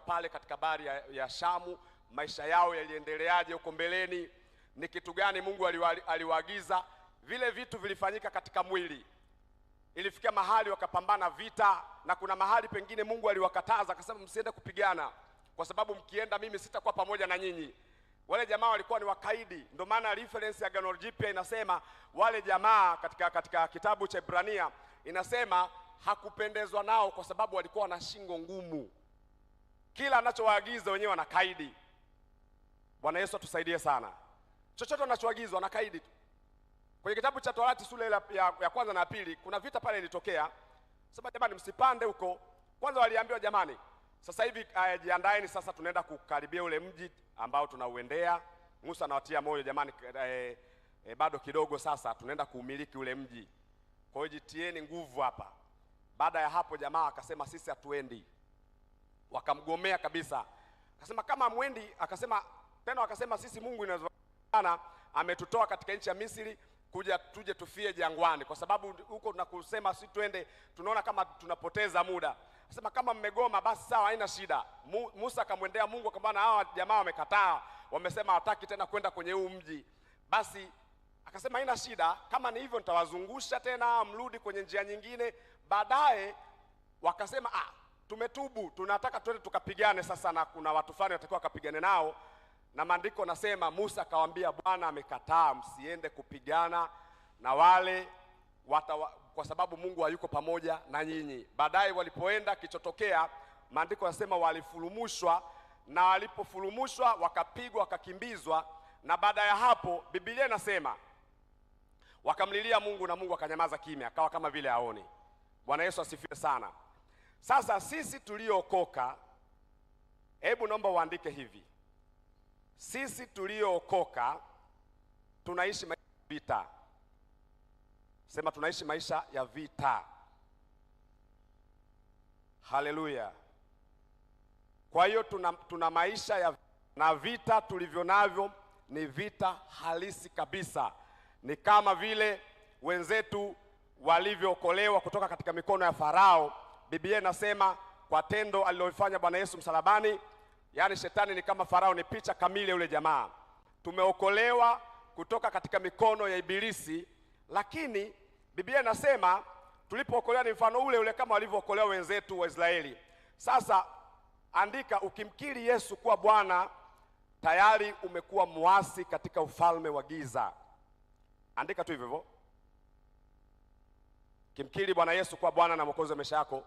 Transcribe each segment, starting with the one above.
kutoka pale katika bahari ya, ya Shamu, maisha yao yaliendeleaje huko mbeleni, ni kitu gani Mungu aliwaagiza. Vile vitu vilifanyika katika mwili, ilifikia mahali wakapambana vita, na kuna mahali pengine Mungu aliwakataza akasema, msiende kupigana kwa sababu mkienda mimi sitakuwa pamoja na nyinyi. Wale jamaa walikuwa ni wakaidi, ndio maana reference ya Agano Jipya inasema wale jamaa katika, katika kitabu cha Ibrania inasema hakupendezwa nao kwa sababu walikuwa na shingo ngumu kila anachowaagiza wenyewe kaidi. Bwana Yesu atusaidie sana. Chochote anachoagizwa anakaidi tu. Kwenye kitabu cha Torati sura ya, ya kwanza na pili kuna vita pale ilitokea. Sema jamani, msipande huko. Kwanza waliambiwa jamani, sasa hivi uh, jiandaeni sasa, tunaenda kukaribia ule mji ambao tunauendea. Musa anawatia moyo jamani, eh, eh, bado kidogo, sasa tunaenda kuumiliki ule mji, kwa hiyo jitieni nguvu hapa. Baada ya hapo, jamaa akasema sisi hatuendi wakamgomea kabisa. Akasema kama mwendi, akasema tena, wakasema sisi Mungu inawezekana ametutoa katika nchi ya Misri kuja tuje tufie jangwani, kwa sababu huko tunakusema si twende, tunaona kama tunapoteza muda. Akasema kama mmegoma, basi sawa, haina shida. Mu, Musa akamwendea Mungu akamwambia, hawa jamaa wamekataa, wamesema hataki tena kwenda kwenye huu mji. Basi akasema haina shida, kama ni hivyo nitawazungusha tena, mrudi kwenye njia nyingine. Baadaye wakasema ah, tumetubu, tunataka twende tukapigane sasa, na kuna watu fulani watakiwa wakapigane nao, na maandiko nasema Musa akawaambia, Bwana amekataa msiende kupigana na wale watawa, kwa sababu Mungu hayuko pamoja na nyinyi. Baadaye walipoenda, kichotokea maandiko nasema walifurumushwa, na walipofurumushwa wakapigwa, wakakimbizwa, na baada ya hapo Biblia inasema wakamlilia Mungu na Mungu akanyamaza kimya, akawa kama vile aone. Bwana Yesu asifiwe sana. Sasa sisi tuliookoka, hebu naomba uandike hivi, sisi tuliookoka tunaishi maisha ya vita. Sema tunaishi maisha ya vita. Haleluya! Kwa hiyo tuna, tuna maisha ya na vita tulivyo navyo ni vita halisi kabisa, ni kama vile wenzetu walivyookolewa kutoka katika mikono ya Farao Biblia inasema kwa tendo alilofanya Bwana Yesu msalabani, yaani shetani ni kama Farao, ni picha kamili yule jamaa. Tumeokolewa kutoka katika mikono ya Ibilisi, lakini Biblia inasema tulipookolewa ni mfano ule ule kama walivyookolewa wenzetu wa Israeli. Sasa andika, ukimkiri Yesu kuwa Bwana tayari umekuwa mwasi katika ufalme wa giza. Andika tu hivyo hivyo, kimkiri Bwana Yesu kuwa Bwana na Mwokozi wa maisha yako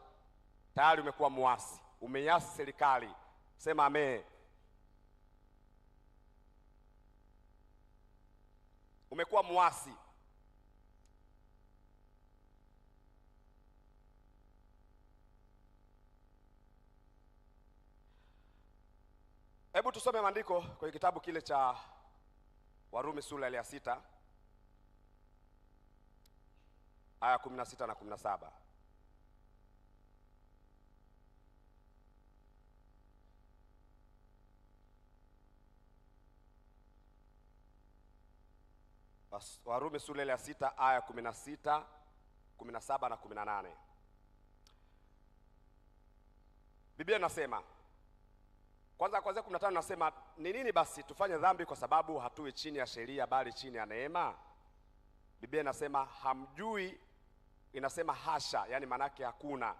tayari umekuwa muasi, umeiasi serikali. Sema amen. Umekuwa muasi. Hebu tusome maandiko kwenye kitabu kile cha Warumi sura ya sita aya 16 na 17. Warumi sura ya sita aya kumi na sita kumi na saba na kumi na nane Biblia inasema kwanza, kwanza kumi na tano nasema ni nini basi? Tufanye dhambi kwa sababu hatui chini ya sheria, bali chini ya neema? Biblia inasema hamjui, inasema hasha, yani maanake hakuna.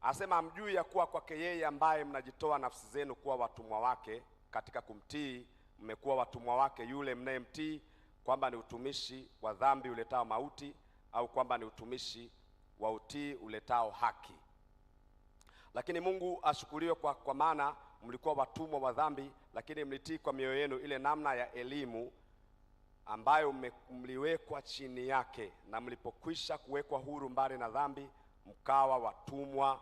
Anasema hamjui ya kuwa kwake yeye ambaye mnajitoa nafsi zenu kuwa watumwa wake katika kumtii, mmekuwa watumwa wake yule mnayemtii kwamba ni utumishi wa dhambi uletao mauti au kwamba ni utumishi wa utii uletao haki. Lakini Mungu ashukuriwe kwa, kwa maana mlikuwa watumwa wa dhambi, lakini mlitii kwa mioyo yenu ile namna ya elimu ambayo mliwekwa chini yake, na mlipokwisha kuwekwa huru mbali na dhambi, mkawa watumwa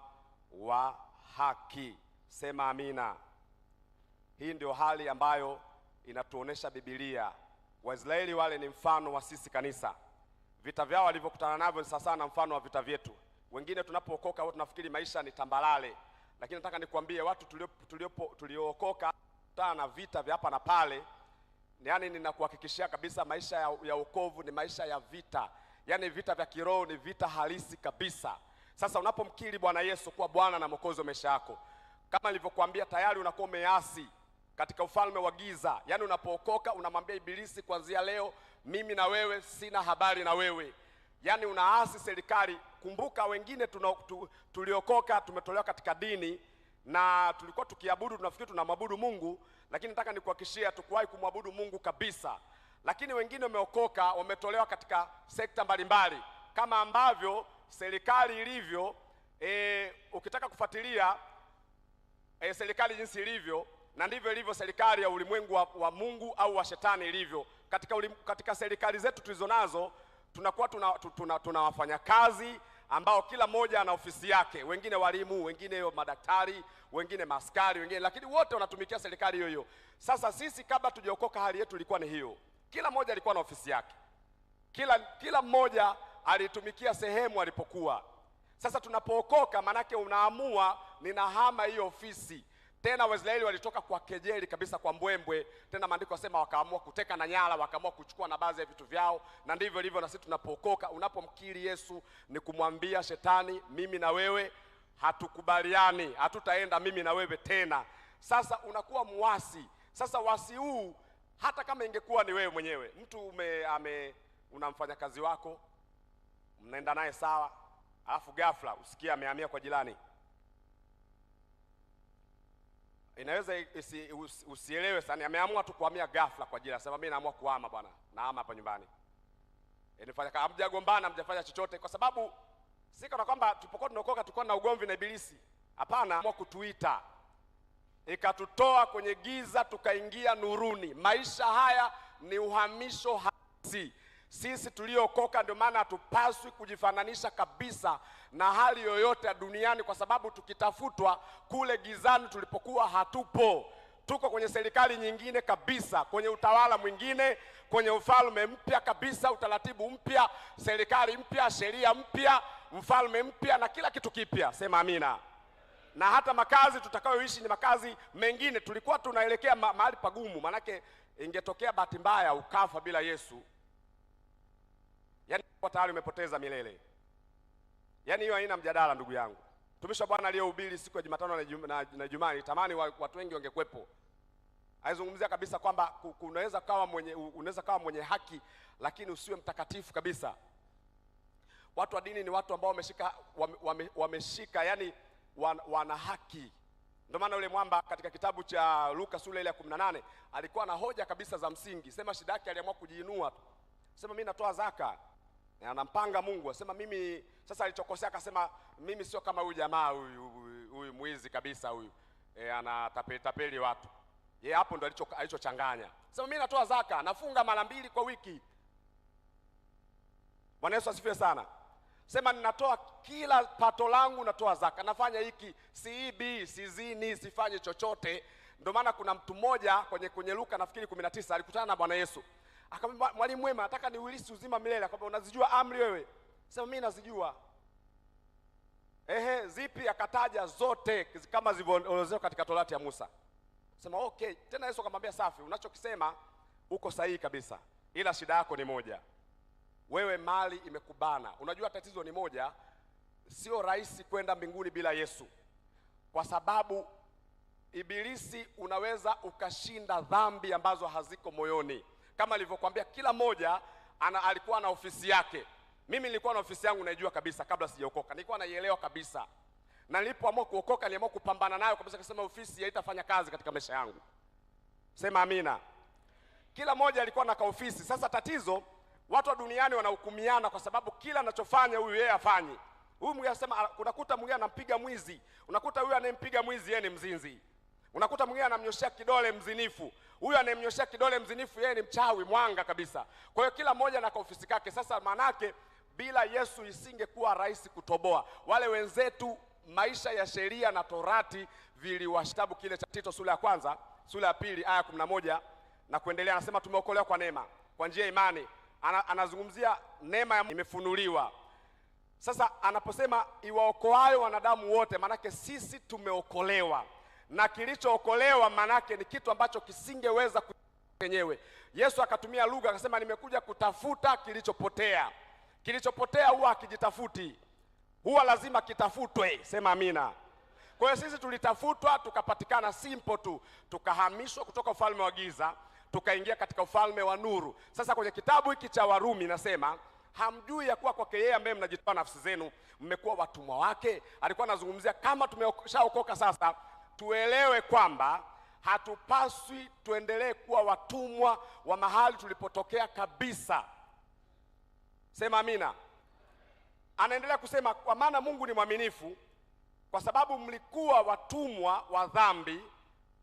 wa haki. Sema amina. Hii ndio hali ambayo inatuonesha Biblia Waisraeli wale ni mfano wa sisi kanisa. Vita vyao walivyokutana navyo ni sawasawa na mfano wa vita vyetu. Wengine tunapookoka wao tunafikiri maisha ni tambalale, lakini nataka nikwambie watu tuliookoka tulio, tulio na vita vya hapa na pale, yaani ninakuhakikishia kabisa maisha ya, ya ukovu ni maisha ya vita, yaani vita vya kiroho ni vita halisi kabisa. Sasa unapomkiri Bwana Yesu kuwa Bwana na Mwokozi wa maisha yako, kama nilivyokuambia tayari unakuwa umeasi katika ufalme wa giza. Yaani unapookoka unamwambia Ibilisi, kuanzia leo mimi na wewe sina habari na wewe. Yaani unaasi serikali. Kumbuka wengine tu, tuliokoka tumetolewa katika dini na tulikuwa tukiabudu, tunafikiri tunamwabudu Mungu, lakini nataka nikuhakishia hatukuwahi kumwabudu Mungu kabisa. Lakini wengine wameokoka, wametolewa katika sekta mbalimbali, kama ambavyo serikali ilivyo. E, ukitaka kufuatilia e, serikali jinsi ilivyo na ndivyo ilivyo serikali ya ulimwengu wa, wa Mungu au wa shetani ilivyo. Katika, ulim, katika serikali zetu tulizonazo tunakuwa tuna, tuna, tuna wafanyakazi ambao kila mmoja ana ofisi yake, wengine walimu, wengine madaktari, wengine maskari, wengine lakini wote wanatumikia serikali hiyo hiyo. Sasa sisi kabla tujaokoka, hali yetu ilikuwa ni hiyo, kila mmoja alikuwa na ofisi yake, kila kila mmoja alitumikia sehemu alipokuwa. Sasa tunapookoka, maanake unaamua ninahama hiyo ofisi tena Waisraeli walitoka kwa kejeli kabisa, kwa mbwembwe. Tena maandiko yasema wakaamua kuteka na nyara, wakaamua kuchukua na baadhi ya vitu vyao, na ndivyo ilivyo na sisi tunapookoka. Unapomkiri Yesu ni kumwambia shetani, mimi na wewe hatukubaliani, hatutaenda mimi na wewe tena. Sasa unakuwa muasi. Sasa wasi huu hata kama ingekuwa ni wewe mwenyewe, mtu ume, ame una mfanyakazi wako mnaenda naye sawa, alafu ghafla usikia amehamia kwa jirani inaweza usi, usielewe sana, ameamua tu kuhamia ghafla kwa ajili asema mimi naamua kuhama bwana, naama hapa nyumbani. E, Inafanya kama hamjagombana, hamjafanya chochote, kwa sababu si kana kwamba tulipokuwa tunaokoka tulikuwa na ugomvi na ibilisi. Hapana, kutuita ikatutoa kwenye giza tukaingia nuruni. Maisha haya ni uhamisho halisi. Sisi tuliokoka, ndio maana hatupaswi kujifananisha kabisa na hali yoyote ya duniani, kwa sababu tukitafutwa kule gizani tulipokuwa hatupo. Tuko kwenye serikali nyingine kabisa, kwenye utawala mwingine, kwenye ufalme mpya kabisa, utaratibu mpya, serikali mpya, sheria mpya, mfalme mpya na kila kitu kipya. Sema amina. Na hata makazi tutakayoishi ni makazi mengine. Tulikuwa tunaelekea mahali pagumu, manake ingetokea bahati mbaya ukafa bila Yesu yaani kwa tayari umepoteza milele. Yaani hiyo haina mjadala, ndugu yangu. tumisha Bwana aliyehubiri siku ya Jumatano na Ijumaa, nitamani watu wengi wangekuwepo. Alizungumzia kabisa kwamba unaweza kawa mwenye, unaweza kawa mwenye haki lakini usiwe mtakatifu kabisa. Watu wa dini ni watu ambao wameshika wame, wame yani wan, wana haki. Ndio maana yule mwamba katika kitabu cha Luka sura ile ya 18 alikuwa na hoja kabisa za msingi, sema shida yake aliamua kujiinua tu, sema mimi natoa zaka Eh, anampanga Mungu asema mimi sasa, alichokosea akasema mimi sio kama huyu jamaa huyu huyu mwizi kabisa huyu e, eh, anatapelitapeli watu ye, hapo ndo alichochanganya. Sema mimi natoa zaka, nafunga mara mbili kwa wiki. Bwana Yesu asifiwe sana. Sema ninatoa kila pato langu, natoa zaka, nafanya hiki, siibi, sizini, sifanye chochote. Ndio maana kuna mtu mmoja kwenye kwenye Luka nafikiri 19 alikutana na Bwana Yesu akamwambia mwalimu wema, nataka niulizi uzima milele. Akamwambia unazijua amri wewe? Sema mimi nazijua. Ehe, zipi? Akataja zote kama zilivyoelezewa katika Torati ya Musa. Sema okay. Tena Yesu akamwambia safi, unachokisema uko sahihi kabisa, ila shida yako ni moja, wewe mali imekubana. Unajua tatizo ni moja, sio rahisi kwenda mbinguni bila Yesu, kwa sababu Ibilisi unaweza ukashinda dhambi ambazo haziko moyoni kama alivyokuambia, kila moja ana, alikuwa na ofisi yake. Mimi nilikuwa na ofisi yangu naijua kabisa, kabla sijaokoka nilikuwa naielewa kabisa, na nilipoamua kuokoka niliamua kupambana nayo kabisa, kasema ofisi haitafanya kazi katika maisha yangu. Sema amina. Kila moja alikuwa na kaofisi. Sasa tatizo watu wa duniani wanahukumiana kwa sababu kila anachofanya huyu yeye afanye. Huyu mwingine anasema, unakuta mwingine anampiga mwizi, unakuta huyu anayempiga mwizi yeye ni mzinzi. Unakuta mwingine anamnyoshea kidole mzinifu, huyu anayemnyoshea kidole mzinifu, yeye ni mchawi mwanga kabisa. Kwa hiyo kila mmoja na kaofisi kake. Sasa maanake bila Yesu isingekuwa rahisi kutoboa wale wenzetu. Maisha ya sheria na torati viliwashtabu. Kile cha Tito sura ya kwanza sura ya pili aya kumi na moja na kuendelea, anasema tumeokolewa kwa neema kwa njia ya imani. Ana, anazungumzia neema imefunuliwa. Sasa anaposema iwaokoayo wanadamu wote, maanake sisi tumeokolewa na kilichookolewa manake ni kitu ambacho kisingeweza kenyewe. Yesu akatumia lugha akasema, nimekuja kutafuta kilichopotea. Kilichopotea huwa hakijitafuti, huwa lazima kitafutwe. Sema amina. Kwa hiyo sisi tulitafutwa tukapatikana, simple tu, tukahamishwa kutoka ufalme wa giza tukaingia katika ufalme wa nuru. Sasa kwenye kitabu hiki cha Warumi nasema hamjui ya kuwa kwake yeye ambaye mnajitoa nafsi zenu mmekuwa watumwa wake. Alikuwa anazungumzia kama tumeshaokoka sasa tuelewe kwamba hatupaswi tuendelee kuwa watumwa wa mahali tulipotokea kabisa. Sema amina. Anaendelea kusema, kwa maana Mungu ni mwaminifu, kwa sababu mlikuwa watumwa wa dhambi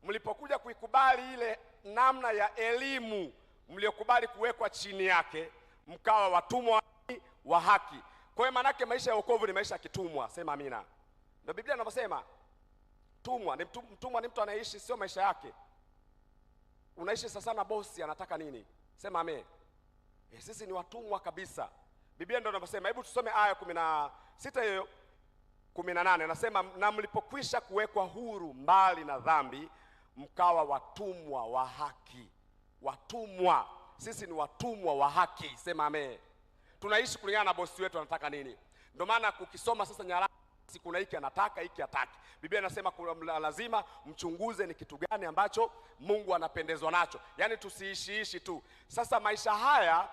mlipokuja kuikubali ile namna ya elimu mliokubali kuwekwa chini yake, mkawa watumwa wa haki. Kwa hiyo maanake maisha ya wokovu ni maisha ya kitumwa. Sema amina. Ndio Biblia inavyosema. Mtumwa ni mtu, mtumwa ni mtu anayeishi sio maisha yake. Unaishi sasa na bosi anataka nini? Sema ame. E, eh, sisi ni watumwa kabisa. Biblia ndio inavyosema. Hebu tusome aya kumi na sita hiyo kumi na nane anasema, na mlipokwisha kuwekwa huru mbali na dhambi, mkawa watumwa wa haki. Watumwa, sisi ni watumwa wa haki. Sema ame. Tunaishi kulingana na bosi wetu anataka nini. Ndio maana kukisoma sasa nyaraka Si kuna hiki anataka hiki hataki. Biblia inasema lazima mchunguze ni kitu gani ambacho Mungu anapendezwa nacho, yaani tusiishiishi tu. Sasa maisha haya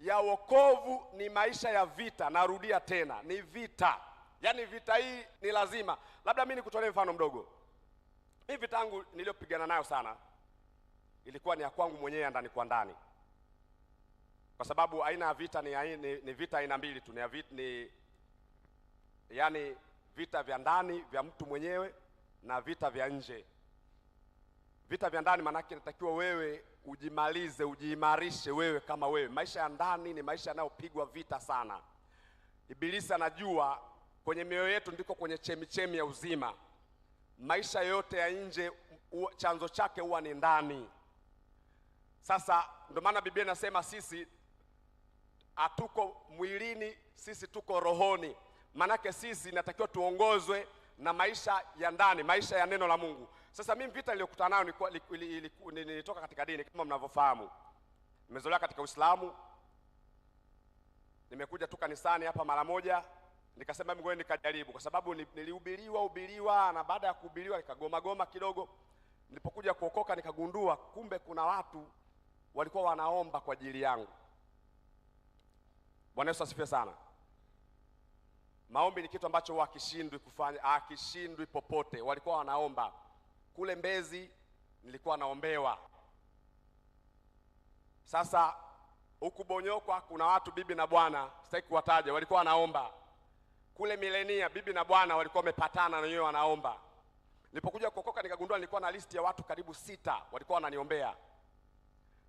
ya wokovu ni maisha ya vita, narudia tena, ni vita, yaani vita hii ni lazima. Labda mimi nikutolee mfano mdogo. Hii vita yangu niliyopigana nayo sana ilikuwa ni ya kwangu mwenyewe ndani kwa ndani, kwa sababu aina ya vita ni, ni, ni vita aina mbili tu ni, ni yaani vita vya ndani vya mtu mwenyewe na vita vya nje. Vita vya ndani maanake inatakiwa wewe ujimalize, ujiimarishe wewe kama wewe. Maisha ya ndani ni maisha yanayopigwa vita sana. Ibilisi anajua kwenye mioyo yetu ndiko kwenye chemichemi ya uzima. Maisha yote ya nje chanzo chake huwa ni ndani. Sasa ndio maana Biblia inasema sisi hatuko mwilini, sisi tuko rohoni. Manake sisi natakiwa tuongozwe na maisha ya ndani, maisha ya neno la Mungu. Sasa mimi vita niliyokutana nayo nilitoka katika dini kama mnavyofahamu, nimezolewa katika Uislamu, nimekuja tu kanisani hapa mara moja, nikasema mimi ngoja nikajaribu, kwa sababu nilihubiriwa hubiriwa, na baada ya kuhubiriwa nikagoma goma kidogo. Nilipokuja kuokoka, nikagundua kumbe kuna watu walikuwa wanaomba kwa ajili yangu. Bwana Yesu asifiwe sana. Maombi ni kitu ambacho wakishindwi kufanya, akishindwi popote. Walikuwa wanaomba kule Mbezi, nilikuwa naombewa. Sasa huku Bonyokwa kuna watu bibi na bwana, sitaki kuwataja, walikuwa wanaomba kule Milenia, bibi na bwana walikuwa wamepatana na wenyewe wanaomba. Nilipokuja kuokoka nikagundua nilikuwa na listi ya watu karibu sita walikuwa wananiombea.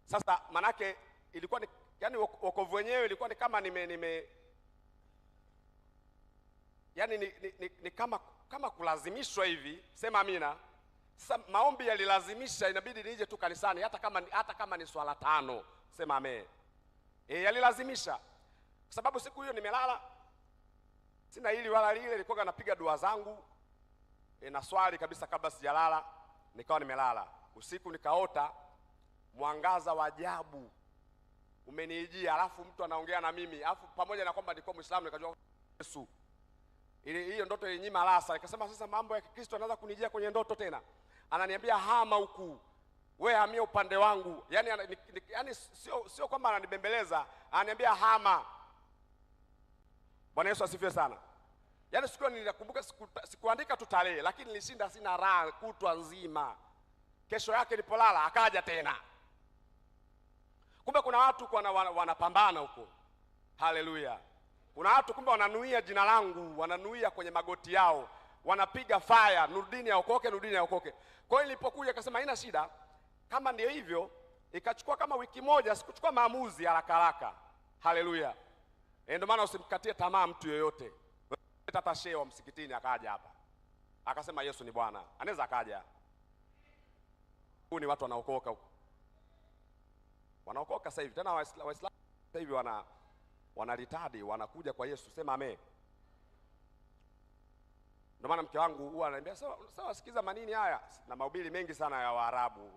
Sasa manake ilikuwa ni, yani wokovu wenyewe ilikuwa ni kama nime, nime yani ni, ni, ni, ni kama, kama kulazimishwa hivi. Sema amina. Sasa maombi yalilazimisha, inabidi nije tu kanisani, hata kama, hata kama ni swala tano. Sema amen. E, yalilazimisha kwa sababu siku hiyo nimelala, sina hili wala lile, nilikuwa napiga dua zangu e, na swali kabisa kabla sijalala, nikawa nimelala usiku, nikaota mwangaza wa ajabu umenijia, alafu mtu anaongea na mimi, alafu pamoja na kwamba nilikuwa Muislamu nikajua Yesu ile hiyo ndoto ilinyima rasa. ikasema sasa mambo ya Kikristo anaanza kunijia kwenye ndoto tena, ananiambia hama huku, we hamia upande wangu. Yani, yaani, yani sio sio kwamba ananibembeleza, ananiambia hama. Bwana Yesu asifiwe sana. yani siku nilikumbuka sikuandika siku tu tarehe, lakini nilishinda sina raha kutwa nzima. Kesho yake nilipolala akaja tena. Kumbe kuna watu wanapambana wana huko. Haleluya! Kuna watu kumbe wananuia jina langu, wananuia kwenye magoti yao, wanapiga faya, Nurdini aokoke, Nurdini aokoke. Kwa hiyo nilipokuja akasema haina shida, kama ndio hivyo. Ikachukua kama wiki moja, sikuchukua maamuzi haraka haraka. Haleluya! Eh, ndio maana usimkatie tamaa mtu yoyote. Tata shehe wa msikitini akaja hapa akasema Yesu ni Bwana, anaweza akaja. Huu ni watu wanaokoka huko, wanaokoka sasa hivi tena. Waislamu sasa hivi wana wanaritadi wanakuja kwa Yesu, sema amen. Ndio maana mke wangu huwa ananiambia sawa, sikiza manini haya na mahubiri mengi sana ya Waarabu.